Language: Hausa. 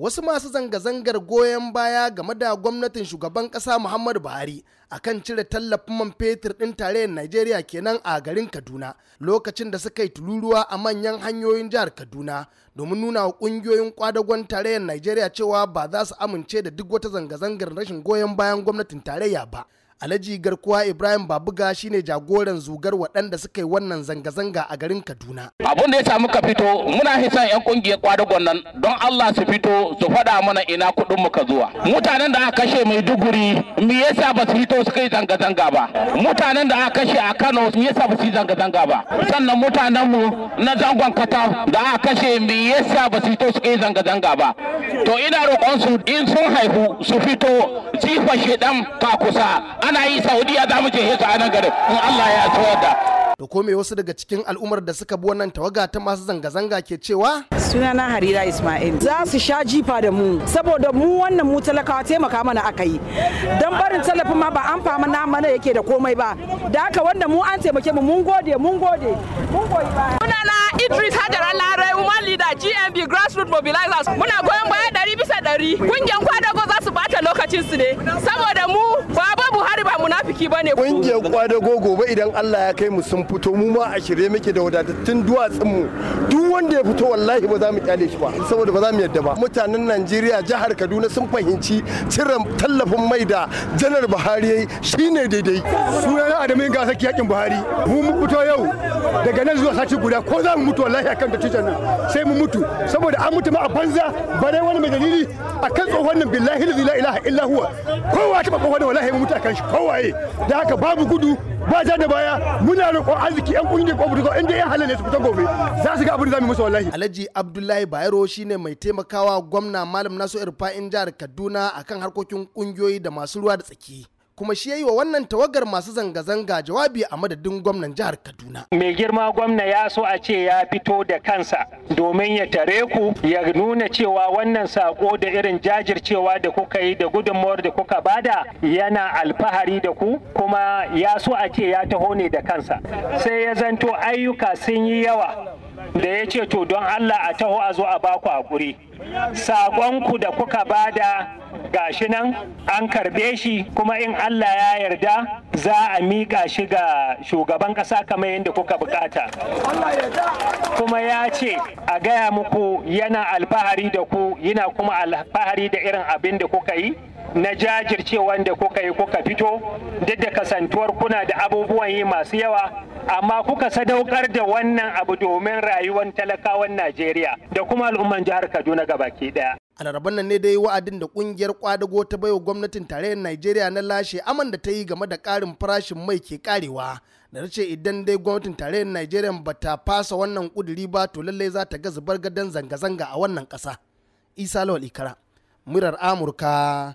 wasu masu zanga-zangar goyon baya game da gwamnatin shugaban kasa muhammadu buhari akan cire tallafin man fetur ɗin tarayyar najeriya kenan a garin kaduna lokacin da suka yi tururuwa a manyan hanyoyin jihar kaduna domin nuna wa ƙungiyoyin kwadagon tarayyar nigeria cewa ba za su amince da duk wata zanga-zangar rashin goyon bayan gwamnatin tarayya ba Alhaji Garkuwa Ibrahim Babuga shine jagoran zugar waɗanda suka yi wannan zanga-zanga a garin Kaduna. Abun da ya samu ka fito muna hisan 'yan kungiyar kwadagon nan don Allah su fito su faɗa mana ina kuɗin muka zuwa. Mutanen da aka kashe mai Maiduguri me yasa ba su fito su kai zanga-zanga ba? Mutanen da aka kashe a Kano me yasa ba su yi zanga-zanga ba? Sannan mutanen mu na zangon Kataf da aka kashe me yasa ba su fito su kai zanga-zanga ba? To ina roƙon su in sun haihu su fito jifa ɗan ta kusa. ana yi saudiya za mu je ta a nan garin in allah ya tsawar da da kome wasu daga cikin al'ummar da suka bi wannan tawaga ta masu zanga-zanga ke cewa sunana harira ismail za su sha jifa da mu saboda mu wannan mu talakawa taimaka mana aka yi don barin talafin ma ba an fama na mana yake da komai ba da haka wanda mu an taimake mu mun gode mun gode mun goyi sunana idris hajara larai umar leader gmb grassroot mobilizers muna goyon baya ɗari bisa ɗari kungiyar kwadago za su bata lokacin su ne saboda mu aiki ba ne ƙungiyar kwadago gobe idan Allah ya kai mu sun fito mu ma a shirye muke da wadatattun duwatsun mu duk wanda ya fito wallahi ba za mu kyale shi ba saboda ba za mu yadda ba mutanen Najeriya jihar Kaduna sun fahimci cire tallafin mai da janar Buhari yayi shine daidai sunana Adamu ga saki yakin Buhari mu fito yau daga nan zuwa sati guda ko za mu mutu wallahi akan dattijan nan sai mu mutu saboda an mutu ma a banza ba dai wani mai dalili akan tsohon nan billahi la ilaha illa huwa kowa ta ba kowa da wallahi mu mutu akan shi kowaye da haka babu gudu ba ja da baya muna roƙon arziki yan kungiyar ko da inda ya halale su fita gobe za su ga abin da zamu musu wallahi alhaji abdullahi bayero shine mai taimakawa gwamna malam nasu in jihar kaduna akan harkokin kungiyoyi da masu ruwa da tsaki kuma shi ya yi wa wannan tawagar masu zanga-zanga jawabi a madadin gwamnan jihar Kaduna. Mai girma gwamna ya so a ce ya fito da kansa domin ya tare ku ya nuna cewa wannan sako da irin jajircewa da kuka yi da gudunmawar da kuka bada yana alfahari da ku kuma ya so a ce ya taho ne da kansa sai ya zanto ayyuka sun yi yawa da ya ce to don Allah a taho a zo a baku hakuri sakonku da kuka bada shi nan an karbe shi kuma in Allah ya yarda za a miƙa shi ga shugaban ƙasa kamar yadda kuka bukata kuma ya ce a gaya muku yana alfahari da ku yana kuma alfahari da irin abin da kuka yi na jajirce wanda kuka yi kuka fito duk da kasantuwar kuna da abubuwan yi masu yawa amma kuka sadaukar da wannan abu domin rayuwar talakawan Najeriya da kuma al'umman jihar Kaduna ke daya. a laraban nan ne dai wa'adin da kungiyar kwadago ta baiwa gwamnatin tarayyar Najeriya na lashe aman da ta yi game da karin farashin mai ke karewa da ce idan dai gwamnatin tarayyar Najeriya ba ta fasa wannan kuduri ba to lallai za ta ga zubar gadon zanga-zanga a wannan kasa Isa Lawal Ikara, Murar Amurka